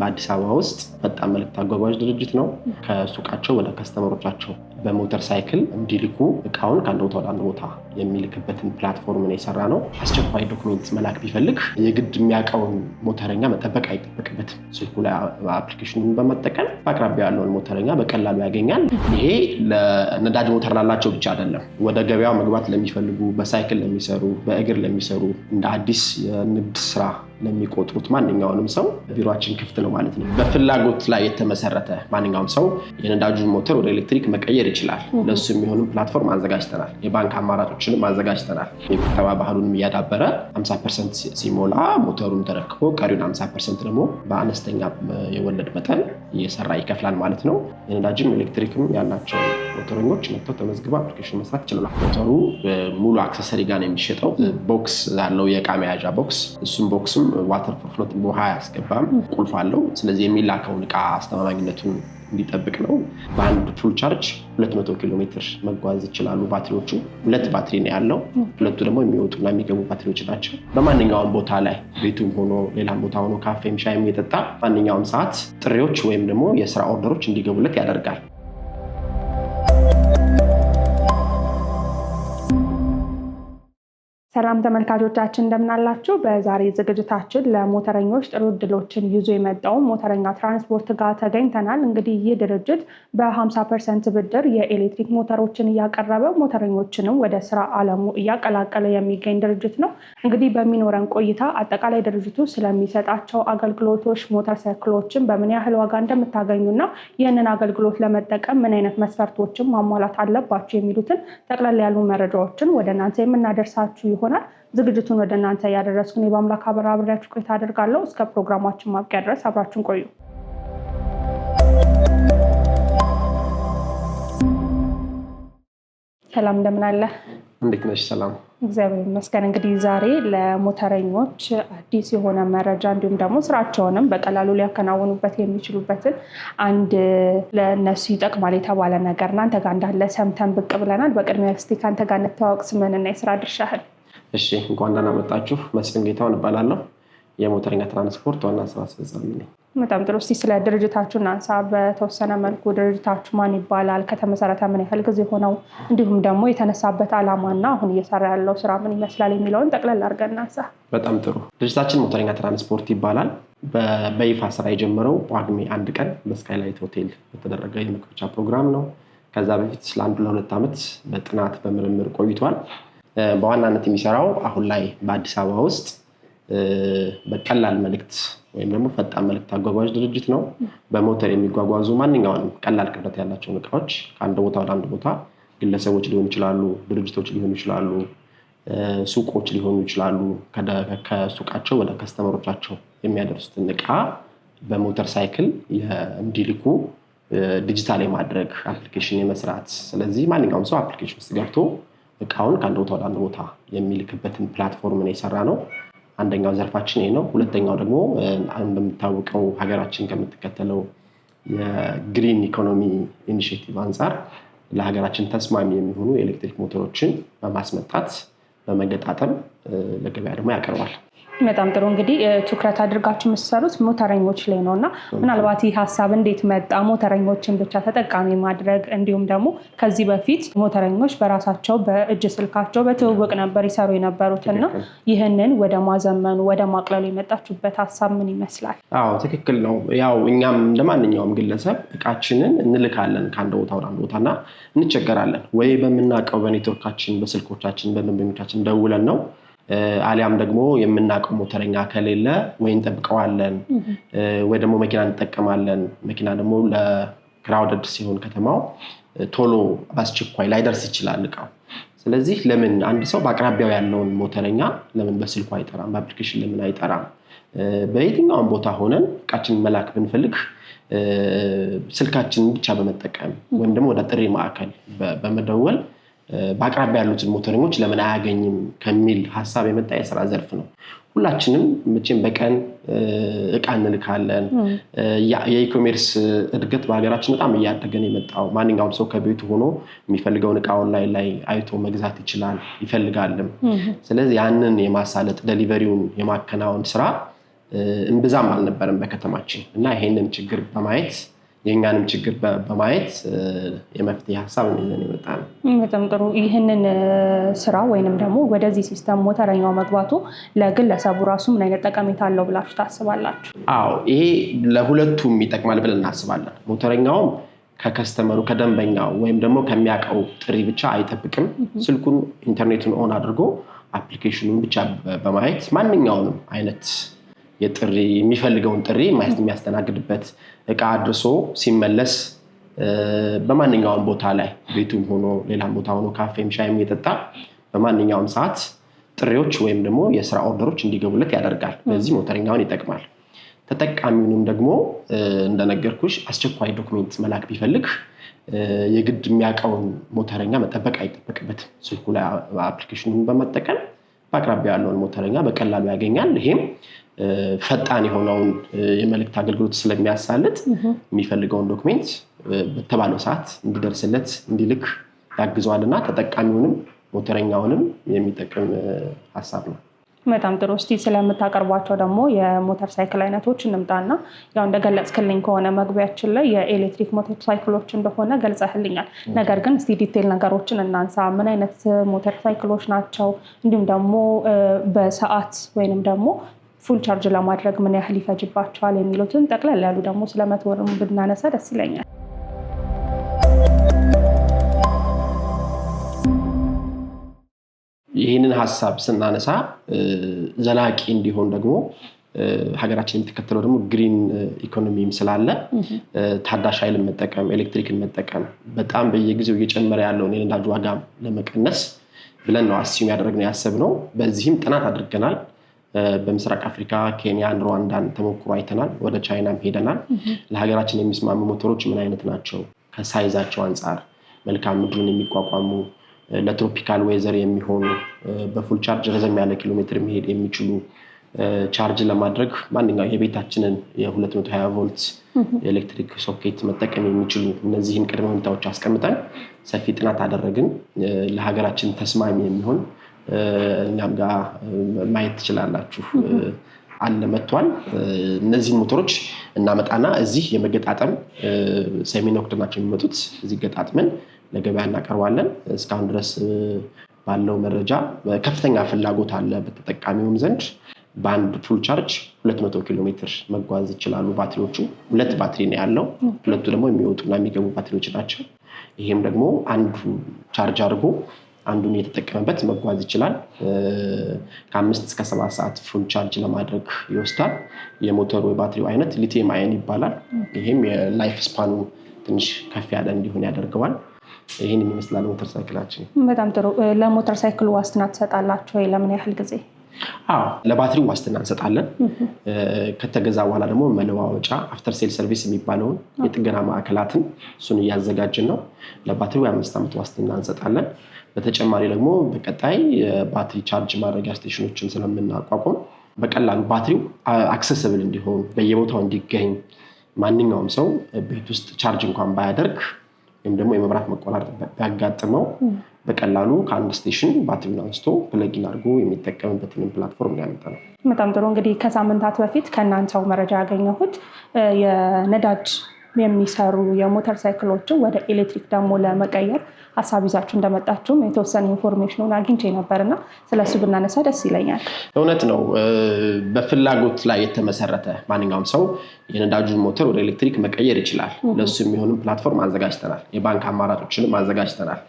በአዲስ አበባ ውስጥ ፈጣን መልእክት አጓጓዥ ድርጅት ነው። ከሱቃቸው ወደ ከስተመሮቻቸው በሞተር ሳይክል እንዲልኩ እቃውን ከአንድ ቦታ ወደ አንድ ቦታ የሚልክበትን ፕላትፎርም ነው የሰራ ነው። አስቸኳይ ዶክመንት መላክ ቢፈልግ የግድ የሚያውቀውን ሞተረኛ መጠበቅ አይጠበቅበትም። ስልኩ ላይ አፕሊኬሽኑን በመጠቀም በአቅራቢያ ያለውን ሞተረኛ በቀላሉ ያገኛል። ይሄ ለነዳጅ ሞተር ላላቸው ብቻ አይደለም። ወደ ገበያው መግባት ለሚፈልጉ፣ በሳይክል ለሚሰሩ፣ በእግር ለሚሰሩ እንደ አዲስ የንግድ ስራ ለሚቆጥሩት ማንኛውንም ሰው ቢሮችን ክፍት ነው ማለት ነው። በፍላጎት ላይ የተመሰረተ ማንኛውም ሰው የነዳጁን ሞተር ወደ ኤሌክትሪክ መቀየር ይችላል። ለሱ የሚሆንም ፕላትፎርም አዘጋጅተናል። የባንክ አማራጮችንም አዘጋጅተናል። የቁጠባ ባህሉንም እያዳበረ 50 ፐርሰንት ሲሞላ ሞተሩን ተረክቦ ቀሪውን 50 ፐርሰንት ደግሞ በአነስተኛ የወለድ መጠን እየሰራ ይከፍላል ማለት ነው። የነዳጅም ኤሌክትሪክም ያላቸው ሞተረኞች መጥተው ተመዝግበው አፕሊኬሽን መስራት ይችላል። ሞተሩ ሙሉ አክሰሰሪ ጋር ነው የሚሸጠው። ቦክስ ያለው የእቃ መያዣ ቦክስ እሱም ቦክስም እሱም ዋተር ፍሎት ውሃ ያስገባም ቁልፍ አለው። ስለዚህ የሚላከውን እቃ አስተማማኝነቱን እንዲጠብቅ ነው። በአንድ ፉል ቻርጅ 200 ኪሎ ሜትር መጓዝ ይችላሉ። ባትሪዎቹ ሁለት ባትሪ ነው ያለው። ሁለቱ ደግሞ የሚወጡና የሚገቡ ባትሪዎች ናቸው። በማንኛውም ቦታ ላይ ቤቱም ሆኖ ሌላም ቦታ ሆኖ ካፌም ሻይም የጠጣ ማንኛውም ሰዓት ጥሪዎች ወይም ደግሞ የስራ ኦርደሮች እንዲገቡለት ያደርጋል። ሰላም ተመልካቾቻችን እንደምናላችሁ። በዛሬ ዝግጅታችን ለሞተረኞች ጥሩ እድሎችን ይዞ የመጣው ሞተረኛ ትራንስፖርት ጋር ተገኝተናል። እንግዲህ ይህ ድርጅት በ50 ፐርሰንት ብድር የኤሌክትሪክ ሞተሮችን እያቀረበ ሞተረኞችንም ወደ ስራ አለሙ እያቀላቀለ የሚገኝ ድርጅት ነው። እንግዲህ በሚኖረን ቆይታ አጠቃላይ ድርጅቱ ስለሚሰጣቸው አገልግሎቶች፣ ሞተር ሳይክሎችን በምን ያህል ዋጋ እንደምታገኙና ይህንን አገልግሎት ለመጠቀም ምን አይነት መስፈርቶችን ማሟላት አለባቸው የሚሉትን ጠቅለል ያሉ መረጃዎችን ወደ እናንተ የምናደርሳችሁ ይሆ ይሆናል። ዝግጅቱን ወደ እናንተ ያደረስኩን በአምላክ አበራ አብሬያችሁ ቆይታ አደርጋለሁ። እስከ ፕሮግራማችን ማብቂያ ድረስ አብራችሁን ቆዩ። ሰላም እንደምን አለ? እንዴት ነሽ? ሰላም እግዚአብሔር ይመስገን። እንግዲህ ዛሬ ለሞተረኞች አዲስ የሆነ መረጃ እንዲሁም ደግሞ ስራቸውንም በቀላሉ ሊያከናውኑበት የሚችሉበትን አንድ ለእነሱ ይጠቅማል የተባለ ነገር እናንተ ጋር እንዳለ ሰምተን ብቅ ብለናል። በቅድሚያ እስቲ ከአንተ ጋር እንተዋወቅ፣ የስራ ድርሻህን እሺ እንኳን ደህና መጣችሁ። መስፍን ጌታውን እባላለሁ የሞተርኛ ትራንስፖርት ዋና ስራ አስፈጻሚ ነኝ። በጣም ጥሩ። እስኪ ስለ ድርጅታችሁ እናንሳ። በተወሰነ መልኩ ድርጅታችሁ ማን ይባላል? ከተመሰረተ ምን ያህል ጊዜ ሆነው? እንዲሁም ደግሞ የተነሳበት ዓላማና አሁን እየሰራ ያለው ስራ ምን ይመስላል የሚለውን ጠቅለል አድርገን እናንሳ። በጣም ጥሩ። ድርጅታችን ሞተርኛ ትራንስፖርት ይባላል። በይፋ ስራ የጀመረው ጳጉሜ አንድ ቀን በስካይላይት ሆቴል በተደረገ የመክፈቻ ፕሮግራም ነው። ከዛ በፊት ለአንድ ለሁለት ዓመት በጥናት በምርምር ቆይቷል። በዋናነት የሚሰራው አሁን ላይ በአዲስ አበባ ውስጥ በቀላል መልእክት ወይም ደግሞ ፈጣን መልእክት አጓጓዥ ድርጅት ነው። በሞተር የሚጓጓዙ ማንኛውንም ቀላል ክብደት ያላቸውን እቃዎች ከአንድ ቦታ ወደ አንድ ቦታ ግለሰቦች ሊሆኑ ይችላሉ፣ ድርጅቶች ሊሆኑ ይችላሉ፣ ሱቆች ሊሆኑ ይችላሉ። ከሱቃቸው ወደ ከስተመሮቻቸው የሚያደርሱትን እቃ በሞተር ሳይክል እንዲልኩ ዲጂታል የማድረግ አፕሊኬሽን የመስራት ስለዚህ ማንኛውም ሰው አፕሊኬሽን ውስጥ ገብቶ እቃውን ከአንድ ቦታ ወደ አንድ ቦታ የሚልክበትን ፕላትፎርም ነው የሰራ ነው። አንደኛው ዘርፋችን ይሄ ነው። ሁለተኛው ደግሞ እንደምታወቀው ሀገራችን ከምትከተለው የግሪን ኢኮኖሚ ኢኒሽቲቭ አንጻር ለሀገራችን ተስማሚ የሚሆኑ የኤሌክትሪክ ሞተሮችን በማስመጣት በመገጣጠም ለገበያ ደግሞ ያቀርባል። በጣም ጥሩ እንግዲህ ትኩረት አድርጋችሁ የምትሰሩት ሞተረኞች ላይ ነው እና ምናልባት ይህ ሀሳብ እንዴት መጣ? ሞተረኞችን ብቻ ተጠቃሚ ማድረግ እንዲሁም ደግሞ ከዚህ በፊት ሞተረኞች በራሳቸው በእጅ ስልካቸው በትውውቅ ነበር ይሰሩ የነበሩት እና ይህንን ወደ ማዘመኑ ወደ ማቅለሉ የመጣችሁበት ሀሳብ ምን ይመስላል? አዎ ትክክል ነው። ያው እኛም እንደ ማንኛውም ግለሰብ እቃችንን እንልካለን ከአንድ ቦታ ወደ አንድ ቦታ እና እንቸገራለን ወይ በምናውቀው በኔትወርካችን፣ በስልኮቻችን፣ በደንበኞቻችን ደውለን ነው አሊያም ደግሞ የምናውቀው ሞተረኛ ከሌለ ወይ እንጠብቀዋለን ወይ ደግሞ መኪና እንጠቀማለን። መኪና ደግሞ ለክራውደድ ሲሆን ከተማው ቶሎ በአስቸኳይ ላይደርስ ይችላል እቃው። ስለዚህ ለምን አንድ ሰው በአቅራቢያው ያለውን ሞተረኛ ለምን በስልኩ አይጠራም? በአፕሊኬሽን ለምን አይጠራም? በየትኛውን ቦታ ሆነን እቃችንን መላክ ብንፈልግ ስልካችንን ብቻ በመጠቀም ወይም ደግሞ ወደ ጥሪ ማዕከል በመደወል በአቅራቢያ ያሉትን ሞተሪንጎች ለምን አያገኝም ከሚል ሀሳብ የመጣ የስራ ዘርፍ ነው። ሁላችንም መቼም በቀን እቃ እንልካለን። የኢኮሜርስ እድገት በሀገራችን በጣም እያደገን የመጣው ማንኛውም ሰው ከቤቱ ሆኖ የሚፈልገውን እቃ ኦንላይን ላይ አይቶ መግዛት ይችላል ይፈልጋልም። ስለዚህ ያንን የማሳለጥ ደሊቨሪውን የማከናወን ስራ እምብዛም አልነበረም በከተማችን እና ይሄንን ችግር በማየት የእኛንም ችግር በማየት የመፍትሄ ሀሳብ ይዘን ይመጣ ነው። በጣም ጥሩ። ይህንን ስራ ወይንም ደግሞ ወደዚህ ሲስተም ሞተረኛው መግባቱ ለግለሰቡ ራሱ ምን አይነት ጠቀሜታ አለው ብላችሁ ታስባላችሁ? አዎ ይሄ ለሁለቱም ይጠቅማል ብለን እናስባለን። ሞተረኛውም ከከስተመሩ ከደንበኛው ወይም ደግሞ ከሚያውቀው ጥሪ ብቻ አይጠብቅም። ስልኩን ኢንተርኔቱን ኦን አድርጎ አፕሊኬሽኑን ብቻ በማየት ማንኛውንም አይነት የጥሪ የሚፈልገውን ጥሪ የሚያስተናግድበት እቃ አድርሶ ሲመለስ በማንኛውም ቦታ ላይ ቤቱም ሆኖ ሌላም ቦታ ሆኖ ካፌም ሻይም እየጠጣ በማንኛውም ሰዓት ጥሪዎች ወይም ደግሞ የስራ ኦርደሮች እንዲገቡለት ያደርጋል። በዚህ ሞተረኛውን ይጠቅማል። ተጠቃሚውንም ደግሞ እንደነገርኩሽ አስቸኳይ ዶክሜንት መላክ ቢፈልግ የግድ የሚያውቀውን ሞተረኛ መጠበቅ አይጠበቅበትም። ስልኩ ላይ አፕሊኬሽኑን በመጠቀም በአቅራቢያ ያለውን ሞተረኛ በቀላሉ ያገኛል። ይሄም ፈጣን የሆነውን የመልእክት አገልግሎት ስለሚያሳልጥ የሚፈልገውን ዶክሜንት በተባለው ሰዓት እንዲደርስለት እንዲልክ ያግዘዋል እና ተጠቃሚውንም ሞተረኛውንም የሚጠቅም ሀሳብ ነው። በጣም ጥሩ። እስቲ ስለምታቀርቧቸው ደግሞ የሞተር ሳይክል አይነቶች እንምጣና ያው እንደገለጽክልኝ ከሆነ መግቢያችን ላይ የኤሌክትሪክ ሞተር ሳይክሎች እንደሆነ ገልጸህልኛል። ነገር ግን እስቲ ዲቴል ነገሮችን እናንሳ። ምን አይነት ሞተር ሳይክሎች ናቸው? እንዲሁም ደግሞ በሰዓት ወይንም ደግሞ ፉል ቻርጅ ለማድረግ ምን ያህል ይፈጅባቸዋል የሚሉትን ጠቅለል ያሉ ደግሞ ስለ መቶ ወርም ብናነሳ ደስ ይለኛል። ይህንን ሀሳብ ስናነሳ ዘላቂ እንዲሆን ደግሞ ሀገራችን የምትከተለው ደግሞ ግሪን ኢኮኖሚም ስላለ ታዳሽ ኃይልን መጠቀም፣ ኤሌክትሪክን መጠቀም በጣም በየጊዜው እየጨመረ ያለውን የነዳጅ ዋጋ ለመቀነስ ብለን ነው አስዩም ያደረግነው ያሰብነው። በዚህም ጥናት አድርገናል። በምስራቅ አፍሪካ ኬንያን፣ ሩዋንዳን ተሞክሮ አይተናል። ወደ ቻይናም ሄደናል። ለሀገራችን የሚስማሙ ሞተሮች ምን አይነት ናቸው? ከሳይዛቸው አንጻር መልካም ምድሩን የሚቋቋሙ ለትሮፒካል ዌዘር የሚሆኑ በፉል ቻርጅ ረዘም ያለ ኪሎ ሜትር መሄድ የሚችሉ ቻርጅ ለማድረግ ማንኛው የቤታችንን የ220 ቮልት የኤሌክትሪክ ሶኬት መጠቀም የሚችሉ እነዚህን ቅድመ ሁኔታዎች አስቀምጠን ሰፊ ጥናት አደረግን። ለሀገራችን ተስማሚ የሚሆን እኛም ጋር ማየት ትችላላችሁ አለ መጥቷል። እነዚህን ሞተሮች እናመጣና እዚህ የመገጣጠም ሰሜን ወቅድ ናቸው የሚመጡት። እዚህ ገጣጥመን ለገበያ እናቀርባለን። እስካሁን ድረስ ባለው መረጃ ከፍተኛ ፍላጎት አለ በተጠቃሚውም ዘንድ። በአንድ ፉል ቻርጅ መቶ ኪሎ ሜትር መጓዝ ይችላሉ። ባትሪዎቹ ሁለት ባትሪ ነው ያለው። ሁለቱ ደግሞ የሚወጡና የሚገቡ ባትሪዎች ናቸው። ይሄም ደግሞ አንዱ ቻርጅ አድርጎ አንዱን እየተጠቀመበት መጓዝ ይችላል። ከአምስት እስከ ሰባት ሰዓት ፉል ቻርጅ ለማድረግ ይወስዳል። የሞተሩ የባትሪው አይነት ሊቴም አይን ይባላል። ይህም የላይፍ ስፓኑ ትንሽ ከፍ ያለ እንዲሆን ያደርገዋል። ይህን ይመስላል ሞተር ሳይክላችን። በጣም ጥሩ። ለሞተር ሳይክሉ ዋስትና ትሰጣላቸው ወይ? ለምን ያህል ጊዜ? አዎ ለባትሪ ዋስትና እንሰጣለን። ከተገዛ በኋላ ደግሞ መለዋወጫ አፍተር ሴል ሰርቪስ የሚባለውን የጥገና ማዕከላትን እሱን እያዘጋጅን ነው። ለባትሪ የአምስት ዓመት ዋስትና እንሰጣለን። በተጨማሪ ደግሞ በቀጣይ ባትሪ ቻርጅ ማድረጊያ ስቴሽኖችን ስለምናቋቋም በቀላሉ ባትሪው አክሰስብል እንዲሆን በየቦታው እንዲገኝ ማንኛውም ሰው ቤት ውስጥ ቻርጅ እንኳን ባያደርግ ወይም ደግሞ የመብራት መቆራረጥ ቢያጋጥመው በቀላሉ ከአንድ ስቴሽን ባትሪውን አንስቶ ፕለጊን አድርጎ የሚጠቀምበትን ፕላትፎርም ያመጣ ነው። በጣም ጥሩ። እንግዲህ ከሳምንታት በፊት ከእናንተው መረጃ ያገኘሁት የነዳጅ የሚሰሩ የሞተር ሳይክሎችን ወደ ኤሌክትሪክ ደግሞ ለመቀየር ሀሳብ ይዛችሁ እንደመጣችሁም የተወሰነ ኢንፎርሜሽኑን አግኝቼ ነበር እና ስለሱ ብናነሳ ደስ ይለኛል። እውነት ነው። በፍላጎት ላይ የተመሰረተ ማንኛውም ሰው የነዳጁን ሞተር ወደ ኤሌክትሪክ መቀየር ይችላል። ለሱ የሚሆንም ፕላትፎርም አዘጋጅተናል። የባንክ አማራጮችንም አዘጋጅተናል።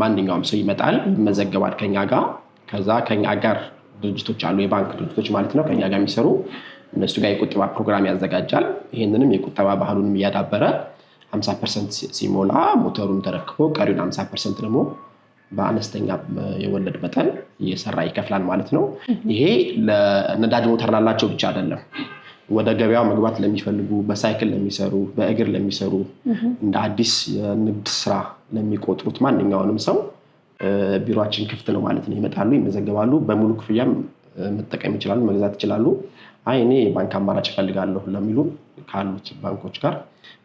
ማንኛውም ሰው ይመጣል፣ ይመዘገባል ከኛ ጋር። ከዛ ከኛ ጋር ድርጅቶች አሉ፣ የባንክ ድርጅቶች ማለት ነው፣ ከኛ ጋር የሚሰሩ እነሱ ጋር የቁጠባ ፕሮግራም ያዘጋጃል። ይህንንም የቁጠባ ባህሉንም እያዳበረ 50 ፐርሰንት ሲሞላ ሞተሩን ተረክቦ ቀሪውን 50 ደግሞ በአነስተኛ የወለድ መጠን እየሰራ ይከፍላል ማለት ነው። ይሄ ለነዳጅ ሞተር ላላቸው ብቻ አይደለም። ወደ ገበያው መግባት ለሚፈልጉ፣ በሳይክል ለሚሰሩ፣ በእግር ለሚሰሩ፣ እንደ አዲስ የንግድ ስራ ለሚቆጥሩት ማንኛውንም ሰው ቢሮችን ክፍት ነው ማለት ነው። ይመጣሉ፣ ይመዘገባሉ። በሙሉ ክፍያም መጠቀም ይችላሉ፣ መግዛት ይችላሉ። አይ እኔ የባንክ አማራጭ እፈልጋለሁ ለሚሉ ካሉት ባንኮች ጋር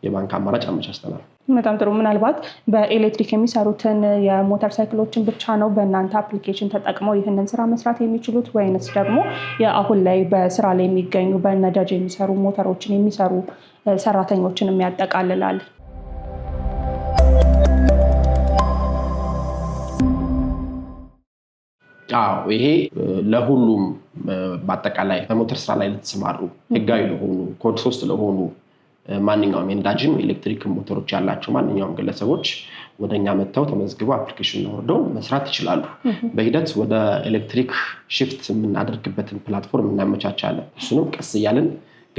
የባንክ አማራጭ አመቻችተናል። በጣም ጥሩ። ምናልባት በኤሌክትሪክ የሚሰሩትን የሞተር ሳይክሎችን ብቻ ነው በእናንተ አፕሊኬሽን ተጠቅመው ይህንን ስራ መስራት የሚችሉት ወይንስ ደግሞ አሁን ላይ በስራ ላይ የሚገኙ በነዳጅ የሚሰሩ ሞተሮችን የሚሰሩ ሰራተኞችንም ያጠቃልላል? አዎ ይሄ ለሁሉም በአጠቃላይ በሞተር ስራ ላይ ለተሰማሩ ህጋዊ ለሆኑ ኮድ ሶስት ለሆኑ ማንኛውም የነዳጅም ኤሌክትሪክ ሞተሮች ያላቸው ማንኛውም ግለሰቦች ወደኛ መጥተው ተመዝግበው አፕሊኬሽን ወርደው መስራት ይችላሉ። በሂደት ወደ ኤሌክትሪክ ሽፍት የምናደርግበትን ፕላትፎርም እናመቻቻለን። እሱንም ቀስ እያለን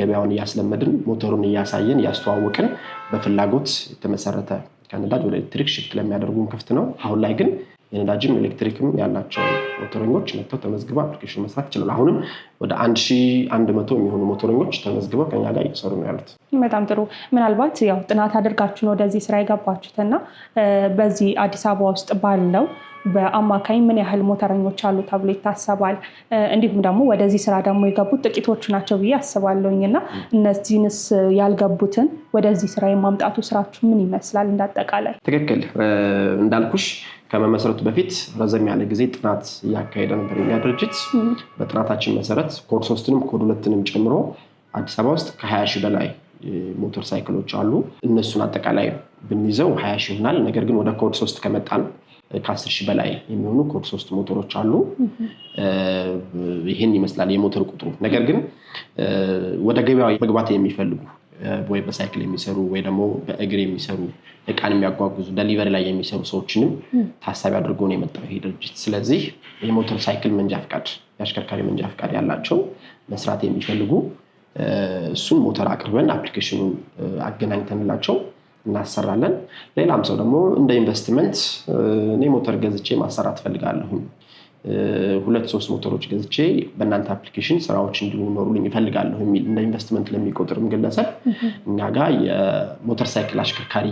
ገበያውን እያስለመድን ሞተሩን እያሳየን እያስተዋወቅን በፍላጎት የተመሰረተ ከነዳጅ ወደ ኤሌክትሪክ ሽፍት ለሚያደርጉን ክፍት ነው። አሁን ላይ ግን የነዳጅም ኤሌክትሪክም ያላቸው ሞተረኞች መጥተው ተመዝግበው አፕሊኬሽን መስራት ይችላል። አሁንም ወደ አንድ ሺህ አንድ መቶ የሚሆኑ ሞተረኞች ተመዝግበው ከኛ ጋር እየሰሩ ነው ያሉት። በጣም ጥሩ። ምናልባት ያው ጥናት አድርጋችሁ ነው ወደዚህ ስራ የገባችሁት እና በዚህ አዲስ አበባ ውስጥ ባለው በአማካኝ ምን ያህል ሞተረኞች አሉ ተብሎ ይታሰባል? እንዲሁም ደግሞ ወደዚህ ስራ ደግሞ የገቡት ጥቂቶቹ ናቸው ብዬ አስባለሁኝ እና እነዚህንስ ያልገቡትን ወደዚህ ስራ የማምጣቱ ስራችሁ ምን ይመስላል? እንዳጠቃላይ ትክክል እንዳልኩሽ ከመመስረቱ በፊት ረዘም ያለ ጊዜ ጥናት እያካሄደ ነበር የኛ ድርጅት። በጥናታችን መሰረት ኮድ ሶስትንም ኮድ ሁለትንም ጨምሮ አዲስ አበባ ውስጥ ከሀያ ሺህ በላይ ሞተር ሳይክሎች አሉ። እነሱን አጠቃላይ ብንይዘው ሀያ ሺህ ይሆናል። ነገር ግን ወደ ኮድ ሶስት ከመጣን ከአስር ሺህ በላይ የሚሆኑ ኮድ ሶስት ሞተሮች አሉ። ይህን ይመስላል የሞተር ቁጥሩ። ነገር ግን ወደ ገበያ መግባት የሚፈልጉ ወይ በሳይክል የሚሰሩ ወይ ደግሞ በእግር የሚሰሩ እቃን የሚያጓጉዙ ደሊቨሪ ላይ የሚሰሩ ሰዎችንም ታሳቢ አድርጎ ነው የመጣው ይሄ ድርጅት። ስለዚህ የሞተር ሳይክል መንጃ ፍቃድ፣ የአሽከርካሪ መንጃ ፍቃድ ያላቸው መስራት የሚፈልጉ እሱን ሞተር አቅርበን አፕሊኬሽኑን አገናኝተንላቸው እናሰራለን። ሌላም ሰው ደግሞ እንደ ኢንቨስትመንት እኔ ሞተር ገዝቼ ማሰራት እፈልጋለሁ ሁለት ሶስት ሞተሮች ገዝቼ በእናንተ አፕሊኬሽን ስራዎች እንዲኖሩልኝ ይፈልጋለሁ የሚል እንደ ኢንቨስትመንት ለሚቆጥርም ግለሰብ እኛ ጋ የሞተር ሳይክል አሽከርካሪ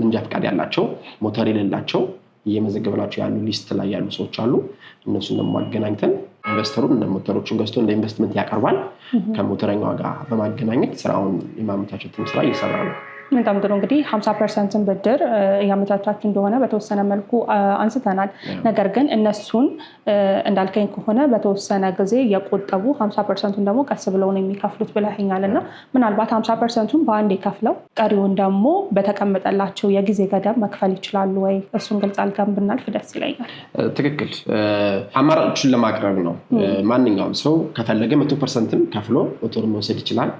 መንጃ ፈቃድ ያላቸው ሞተር የሌላቸው እየመዘገብናቸው ያሉ ሊስት ላይ ያሉ ሰዎች አሉ። እነሱን ደግሞ አገናኝተን ኢንቨስተሩን እንደ ሞተሮቹን ገዝቶ እንደ ኢንቨስትመንት ያቀርባል። ከሞተረኛዋ ጋር በማገናኘት ስራውን የማመቻቸትም ስራ እየሰራ ነው። በጣም ጥሩ እንግዲህ ሀምሳ ፐርሰንትን ብድር እያመቻቻችሁ እንደሆነ በተወሰነ መልኩ አንስተናል። ነገር ግን እነሱን እንዳልከኝ ከሆነ በተወሰነ ጊዜ የቆጠቡ ሀምሳ ፐርሰንቱን ደግሞ ቀስ ብለው ነው የሚከፍሉት ብለኸኛል እና ምናልባት ሀምሳ ፐርሰንቱን በአንድ የከፍለው ቀሪውን ደግሞ በተቀመጠላቸው የጊዜ ገደብ መክፈል ይችላሉ ወይ? እሱን ግልጽ አልጋም ብናልፍ ደስ ይለኛል። ትክክል። አማራጮችን ለማቅረብ ነው። ማንኛውም ሰው ከፈለገ መቶ ፐርሰንትን ከፍሎ ሞተር መውሰድ ይችላል።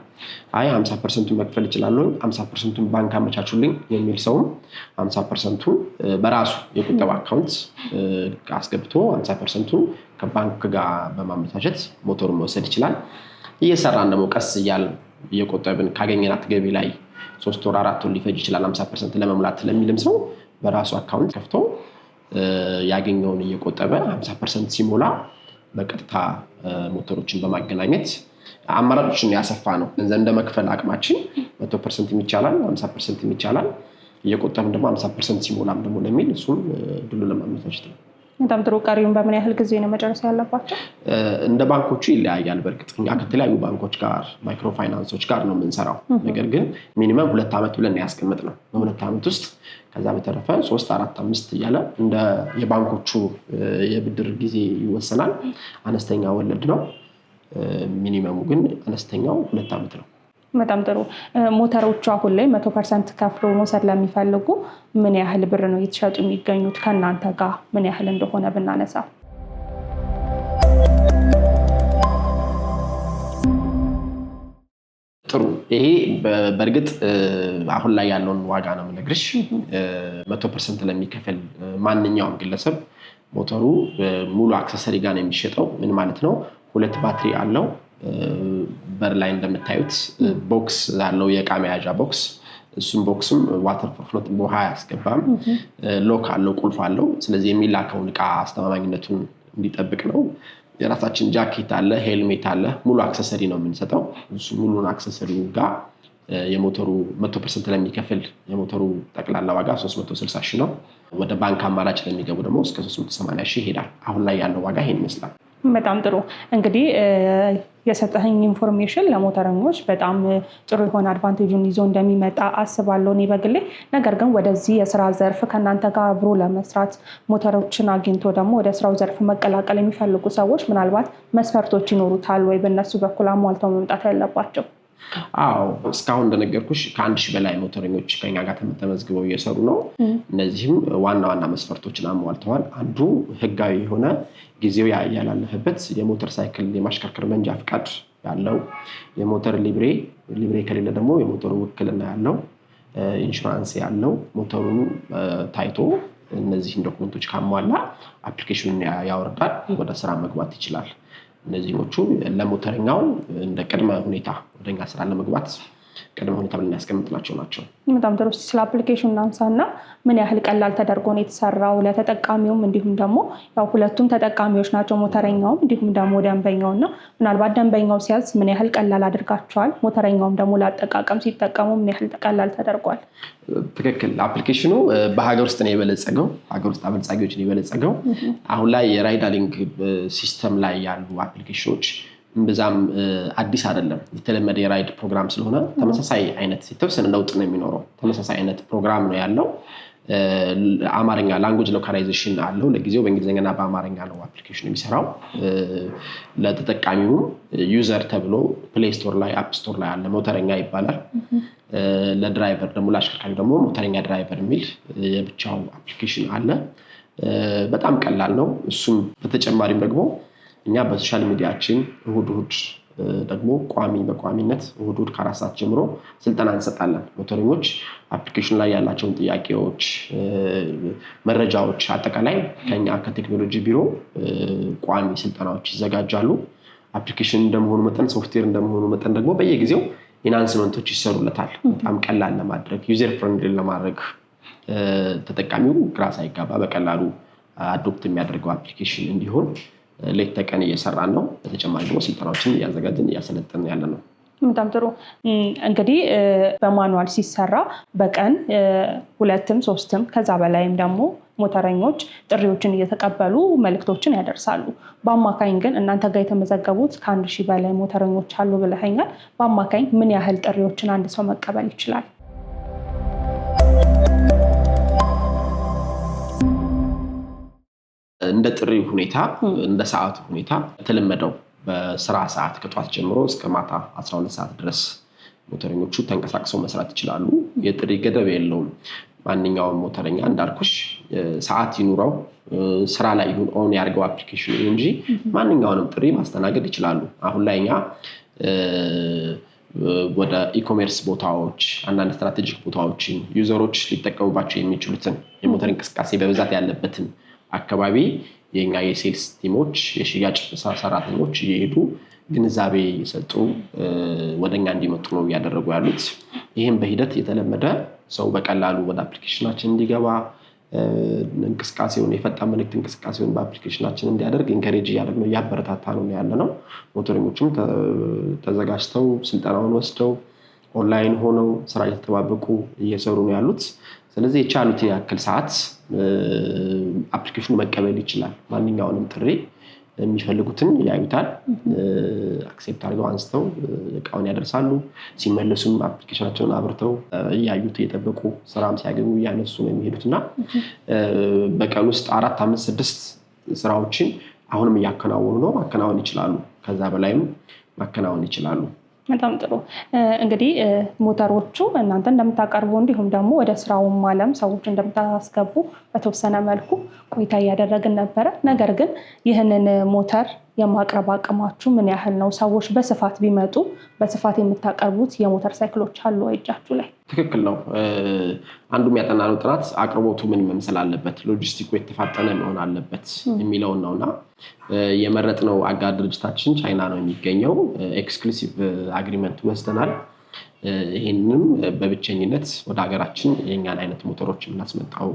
አይ ሀምሳ ፐርሰንቱን መክፈል ይችላሉ ሀምሳ ፐርሰንቱ ፐርሰንቱን ባንክ አመቻቹልኝ የሚል ሰውም ሀምሳ ፐርሰንቱን በራሱ የቁጠባ አካውንት አስገብቶ ሀምሳ ፐርሰንቱን ከባንክ ጋር በማመቻቸት ሞተሩን መውሰድ ይችላል። እየሰራን ደግሞ ቀስ እያል እየቆጠብን ካገኘናት ገቢ ላይ ሶስት ወር አራት ወር ሊፈጅ ይችላል ሀምሳ ፐርሰንት ለመሙላት ለሚልም ሰው በራሱ አካውንት ከፍቶ ያገኘውን እየቆጠበ ሀምሳ ፐርሰንት ሲሞላ በቀጥታ ሞተሮችን በማገናኘት አማራጮችን ያሰፋ ነው። ገንዘብ መክፈል አቅማችን መቶ ፐርሰንትም ይቻላል፣ ሀምሳ ፐርሰንትም ይቻላል። እየቆጠብን ደግሞ ሀምሳ ፐርሰንት ሲሞላም ደግሞ ለሚል እሱም ድሉ ለማመቻቸት ነው። በጣም ጥሩ። ቀሪውን በምን ያህል ጊዜ ነው መጨረስ ያለባቸው? እንደ ባንኮቹ ይለያያል። በእርግጥ ከተለያዩ ባንኮች ጋር ማይክሮ ፋይናንሶች ጋር ነው የምንሰራው። ነገር ግን ሚኒመም ሁለት ዓመት ብለን ያስቀምጥ ነው። በሁለት ዓመት ውስጥ ከዛ በተረፈ ሶስት አራት አምስት እያለ እንደ የባንኮቹ የብድር ጊዜ ይወሰናል። አነስተኛ ወለድ ነው። ሚኒመሙ ግን አነስተኛው ሁለት ዓመት ነው። በጣም ጥሩ። ሞተሮቹ አሁን ላይ መቶ ፐርሰንት ከፍሎ መውሰድ ለሚፈልጉ ምን ያህል ብር ነው የተሸጡ የሚገኙት? ከእናንተ ጋር ምን ያህል እንደሆነ ብናነሳ ጥሩ። ይሄ በእርግጥ አሁን ላይ ያለውን ዋጋ ነው የምነግርሽ። መቶ ፐርሰንት ለሚከፍል ማንኛውም ግለሰብ ሞተሩ ሙሉ አክሰሰሪ ጋር ነው የሚሸጠው። ምን ማለት ነው? ሁለት ባትሪ አለው በር ላይ እንደምታዩት ቦክስ አለው፣ የእቃ መያዣ ቦክስ። እሱም ቦክስም ዋተር ፕሩፍ ውሃ አያስገባም። ሎክ አለው፣ ቁልፍ አለው። ስለዚህ የሚላከውን እቃ አስተማማኝነቱን እንዲጠብቅ ነው። የራሳችን ጃኬት አለ፣ ሄልሜት አለ፣ ሙሉ አክሰሰሪ ነው የምንሰጠው። እሱ ሙሉን አክሰሰሪ ጋር የሞተሩ መቶ ፐርሰንት ለሚከፍል የሞተሩ ጠቅላላ ዋጋ 360 ሺህ ነው። ወደ ባንክ አማራጭ ለሚገቡ ደግሞ እስከ 380 ሺህ ይሄዳል። አሁን ላይ ያለው ዋጋ ይሄን ይመስላል። በጣም ጥሩ እንግዲህ የሰጠኝ ኢንፎርሜሽን ለሞተረኞች በጣም ጥሩ የሆነ አድቫንቴጁን ይዞ እንደሚመጣ አስባለሁ እኔ በግሌ። ነገር ግን ወደዚህ የስራ ዘርፍ ከእናንተ ጋር አብሮ ለመስራት ሞተሮችን አግኝቶ ደግሞ ወደ ስራው ዘርፍ መቀላቀል የሚፈልጉ ሰዎች ምናልባት መስፈርቶች ይኖሩታል ወይ? በእነሱ በኩል አሟልተው መምጣት ያለባቸው አዎ እስካሁን እንደነገርኩሽ ከአንድ ሺህ በላይ ሞተረኞች ከኛ ጋር ተመዝግበው እየሰሩ ነው። እነዚህም ዋና ዋና መስፈርቶችን አሟልተዋል። አንዱ ህጋዊ የሆነ ጊዜው ያላለፈበት የሞተር ሳይክል የማሽከርከር መንጃ ፍቃድ ያለው፣ የሞተር ሊብሬ ሊብሬ ከሌለ ደግሞ የሞተሩ ውክልና ያለው፣ ኢንሹራንስ ያለው ሞተሩን ታይቶ እነዚህን ዶክመንቶች ካሟላ አፕሊኬሽኑን ያወርዳል፣ ወደ ስራ መግባት ይችላል። እነዚህኞቹ ለሞተረኛው እንደ ቅድመ ሁኔታ ወደኛ ስራ ለመግባት ቅድመ ሁኔታ የምናስቀምጥላቸው ናቸው። በጣም ጥሩ። ስለ አፕሊኬሽን እናንሳና ምን ያህል ቀላል ተደርጎ ነው የተሰራው ለተጠቃሚውም፣ እንዲሁም ደግሞ ያው ሁለቱም ተጠቃሚዎች ናቸው፣ ሞተረኛውም እንዲሁም ደግሞ ደንበኛው እና ምናልባት ደንበኛው ሲያዝ ምን ያህል ቀላል አድርጋቸዋል፣ ሞተረኛውም ደግሞ ለአጠቃቀም ሲጠቀሙ ምን ያህል ቀላል ተደርጓል? ትክክል። አፕሊኬሽኑ በሀገር ውስጥ ነው የበለጸገው፣ ሀገር ውስጥ አበልጻጊዎች ነው የበለጸገው። አሁን ላይ የራይዳሊንግ ሲስተም ላይ ያሉ አፕሊኬሽኖች እምብዛም አዲስ አይደለም። የተለመደ የራይድ ፕሮግራም ስለሆነ ተመሳሳይ አይነት የተወሰነ ለውጥ ነው የሚኖረው። ተመሳሳይ አይነት ፕሮግራም ነው ያለው። አማርኛ ላንጉጅ ሎካላይዜሽን አለው። ለጊዜው በእንግሊዝኛና በአማርኛ ነው አፕሊኬሽን የሚሰራው። ለተጠቃሚውም ዩዘር ተብሎ ፕሌይ ስቶር ላይ አፕ ስቶር ላይ አለ። ሞተረኛ ይባላል። ለድራይቨር ደግሞ ለአሽከርካሪ ደግሞ ሞተረኛ ድራይቨር የሚል የብቻው አፕሊኬሽን አለ። በጣም ቀላል ነው። እሱም በተጨማሪም ደግሞ እኛ በሶሻል ሚዲያችን እሁድ እሁድ ደግሞ ቋሚ በቋሚነት እሁድ እሁድ ከአራት ሰዓት ጀምሮ ስልጠና እንሰጣለን። ሞተረኞች አፕሊኬሽን ላይ ያላቸውን ጥያቄዎች፣ መረጃዎች አጠቃላይ ከኛ ከቴክኖሎጂ ቢሮ ቋሚ ስልጠናዎች ይዘጋጃሉ። አፕሊኬሽን እንደመሆኑ መጠን ሶፍትዌር እንደመሆኑ መጠን ደግሞ በየጊዜው ኢናንስመንቶች ይሰሩለታል። በጣም ቀላል ለማድረግ ዩዘር ፍሬንድሊ ለማድረግ ተጠቃሚው ግራ ሳይጋባ በቀላሉ አዶፕት የሚያደርገው አፕሊኬሽን እንዲሆን ሌት ተቀን እየሰራን ነው። በተጨማሪ ደግሞ ስልጠናዎችን እያዘጋጅን እያሰለጠን ያለ ነው። በጣም ጥሩ እንግዲህ በማኑዋል ሲሰራ በቀን ሁለትም ሶስትም ከዛ በላይም ደግሞ ሞተረኞች ጥሪዎችን እየተቀበሉ መልእክቶችን ያደርሳሉ። በአማካኝ ግን እናንተ ጋር የተመዘገቡት ከአንድ ሺህ በላይ ሞተረኞች አሉ ብለኸኛል። በአማካኝ ምን ያህል ጥሪዎችን አንድ ሰው መቀበል ይችላል? እንደ ጥሪ ሁኔታ እንደ ሰዓቱ ሁኔታ የተለመደው በስራ ሰዓት ከጧት ጀምሮ እስከ ማታ 12 ሰዓት ድረስ ሞተረኞቹ ተንቀሳቅሰው መስራት ይችላሉ። የጥሪ ገደብ የለውም። ማንኛውም ሞተረኛ እንዳልኩሽ ሰዓት ይኑረው ስራ ላይ ይሁን ኦን ያደርገው አፕሊኬሽኑ እንጂ ማንኛውንም ጥሪ ማስተናገድ ይችላሉ። አሁን ላይ እኛ ወደ ኢኮሜርስ ቦታዎች አንዳንድ ስትራቴጂክ ቦታዎችን ዩዘሮች ሊጠቀሙባቸው የሚችሉትን የሞተር እንቅስቃሴ በብዛት ያለበትን አካባቢ የኛ የሴልስ ቲሞች የሽያጭ ሰራተኞች እየሄዱ ግንዛቤ እየሰጡ ወደኛ እንዲመጡ ነው እያደረጉ ያሉት። ይህም በሂደት የተለመደ ሰው በቀላሉ ወደ አፕሊኬሽናችን እንዲገባ እንቅስቃሴውን የፈጣን መልክት እንቅስቃሴውን በአፕሊኬሽናችን እንዲያደርግ ኢንከሬጅ ነው እያበረታታ ነው ያለ ነው። ሞተረኞቹም ተዘጋጅተው ስልጠናውን ወስደው ኦንላይን ሆነው ስራ እየተጠባበቁ እየሰሩ ነው ያሉት። ስለዚህ የቻሉት ያክል ሰዓት አፕሊኬሽኑ መቀበል ይችላል። ማንኛውንም ጥሪ የሚፈልጉትን ያዩታል። አክሴፕት አድርገው አንስተው እቃውን ያደርሳሉ። ሲመለሱም አፕሊኬሽናቸውን አብርተው እያዩት እየጠበቁ ስራም ሲያገኙ እያነሱ ነው የሚሄዱት እና በቀን ውስጥ አራት፣ አምስት፣ ስድስት ስራዎችን አሁንም እያከናወኑ ነው። ማከናወን ይችላሉ። ከዛ በላይም ማከናወን ይችላሉ። በጣም ጥሩ እንግዲህ ሞተሮቹ እናንተ እንደምታቀርቡ እንዲሁም ደግሞ ወደ ስራውም አለም ሰዎች እንደምታስገቡ በተወሰነ መልኩ ቆይታ እያደረግን ነበረ። ነገር ግን ይህንን ሞተር የማቅረብ አቅማችሁ ምን ያህል ነው? ሰዎች በስፋት ቢመጡ በስፋት የምታቀርቡት የሞተር ሳይክሎች አሉ እጃችሁ ላይ? ትክክል ነው። አንዱ የሚያጠናነው ጥናት አቅርቦቱ ምን መምሰል አለበት፣ ሎጂስቲኩ የተፋጠነ መሆን አለበት የሚለውን ነው እና የመረጥነው አጋር ድርጅታችን ቻይና ነው የሚገኘው። ኤክስክሉሲቭ አግሪመንት ወስደናል። ይህንም በብቸኝነት ወደ ሀገራችን የእኛን አይነት ሞተሮች የምናስመጣው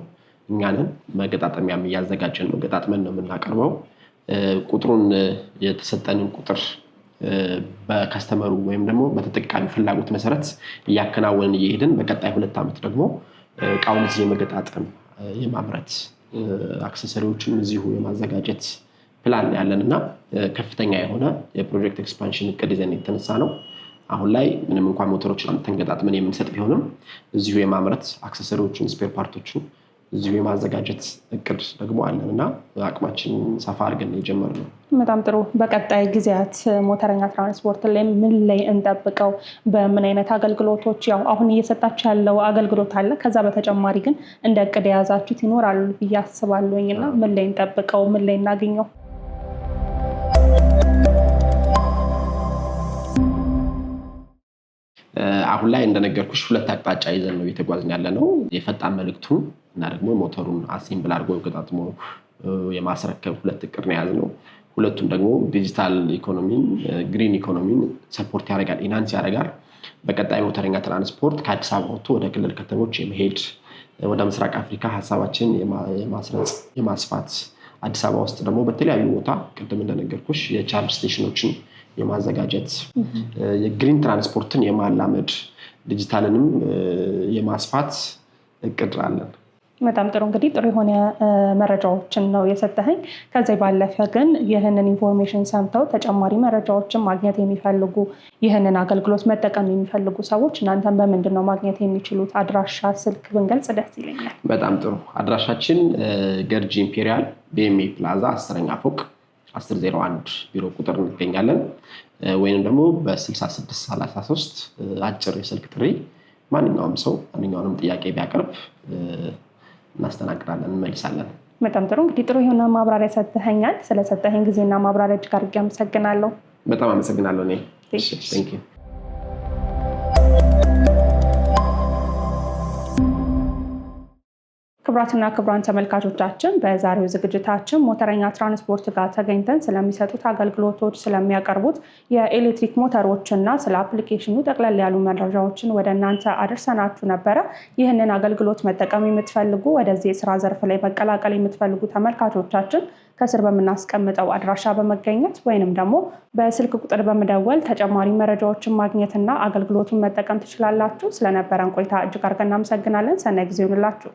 እኛንን መገጣጠሚያም እያዘጋጀን ነው። ገጣጥመን ነው የምናቀርበው። ቁጥሩን የተሰጠንን ቁጥር በከስተመሩ ወይም ደግሞ በተጠቃሚ ፍላጎት መሰረት እያከናወንን እየሄድን በቀጣይ ሁለት ዓመት ደግሞ እቃውን እዚህ የመገጣጠም የማምረት አክሰሰሪዎችን እዚሁ የማዘጋጀት ፕላን ያለን እና ከፍተኛ የሆነ የፕሮጀክት ኤክስፓንሽን እቅድ ይዘን የተነሳ ነው። አሁን ላይ ምንም እንኳን ሞተሮችን ተንገጣጥመን የምንሰጥ ቢሆንም እዚሁ የማምረት አክሰሰሪዎችን፣ ስፔር ፓርቶችን እዚሁ የማዘጋጀት እቅድ ደግሞ አለን እና አቅማችን ሰፋ አድርገን ነው። በጣም ጥሩ። በቀጣይ ጊዜያት ሞተረኛ ትራንስፖርት ላይ ምን ላይ እንጠብቀው? በምን አይነት አገልግሎቶች? ያው አሁን እየሰጣችሁ ያለው አገልግሎት አለ። ከዛ በተጨማሪ ግን እንደ እቅድ የያዛችሁት ይኖራሉ ብዬ አስባለሁኝ እና ምን ላይ እንጠብቀው? ምን ላይ እናገኘው? አሁን ላይ እንደነገርኩሽ ሁለት አቅጣጫ ይዘን ነው እየተጓዝን ያለ ነው። የፈጣን መልእክቱን እና ደግሞ ሞተሩን አሴምብል አድርጎ ገጣጥሞ የማስረከብ ሁለት እቅድ ነው የያዝነው። ሁለቱም ደግሞ ዲጂታል ኢኮኖሚን፣ ግሪን ኢኮኖሚን ሰፖርት ያደርጋል፣ ኢናንስ ያደርጋል። በቀጣይ ሞተረኛ ትራንስፖርት ከአዲስ አበባ ወጥቶ ወደ ክልል ከተሞች የመሄድ ወደ ምስራቅ አፍሪካ ሀሳባችን የማስረጽ የማስፋት አዲስ አበባ ውስጥ ደግሞ በተለያዩ ቦታ ቅድም እንደነገርኩሽ የቻርጅ ስቴሽኖችን የማዘጋጀት የግሪን ትራንስፖርትን የማላመድ ዲጂታልንም የማስፋት እቅድ አለን። በጣም ጥሩ እንግዲህ ጥሩ የሆነ መረጃዎችን ነው የሰጠኸኝ። ከዚህ ባለፈ ግን ይህንን ኢንፎርሜሽን ሰምተው ተጨማሪ መረጃዎችን ማግኘት የሚፈልጉ ይህንን አገልግሎት መጠቀም የሚፈልጉ ሰዎች እናንተን በምንድን ነው ማግኘት የሚችሉት? አድራሻ፣ ስልክ ብንገልጽ ደስ ይለኛል። በጣም ጥሩ አድራሻችን ገርጂ ኢምፔሪያል ቤሜ ፕላዛ አስረኛ ፎቅ 1001 ቢሮ ቁጥር እንገኛለን። ወይንም ደግሞ በ6633 አጭር የስልክ ጥሪ ማንኛውም ሰው ማንኛውንም ጥያቄ ቢያቀርብ እናስተናግዳለን፣ እንመልሳለን። በጣም ጥሩ እንግዲህ ጥሩ የሆነ ማብራሪያ ሰጥተኸኛል። ስለሰጠኸኝ ጊዜና ማብራሪያ እጅግ አድርጌ አመሰግናለሁ። በጣም አመሰግናለሁ እኔ ክብራትና ክብራን ተመልካቾቻችን በዛሬው ዝግጅታችን ሞተረኛ ትራንስፖርት ጋር ተገኝተን ስለሚሰጡት አገልግሎቶች፣ ስለሚያቀርቡት የኤሌክትሪክ ሞተሮች እና ስለ አፕሊኬሽኑ ጠቅለል ያሉ መረጃዎችን ወደ እናንተ አድርሰናችሁ ነበረ። ይህንን አገልግሎት መጠቀም የምትፈልጉ ወደዚህ የስራ ዘርፍ ላይ መቀላቀል የምትፈልጉ ተመልካቾቻችን ከስር በምናስቀምጠው አድራሻ በመገኘት ወይንም ደግሞ በስልክ ቁጥር በመደወል ተጨማሪ መረጃዎችን ማግኘትና አገልግሎቱን መጠቀም ትችላላችሁ። ስለነበረን ቆይታ እጅግ አድርገን እናመሰግናለን። ሰናይ ጊዜ ይሁንላችሁ።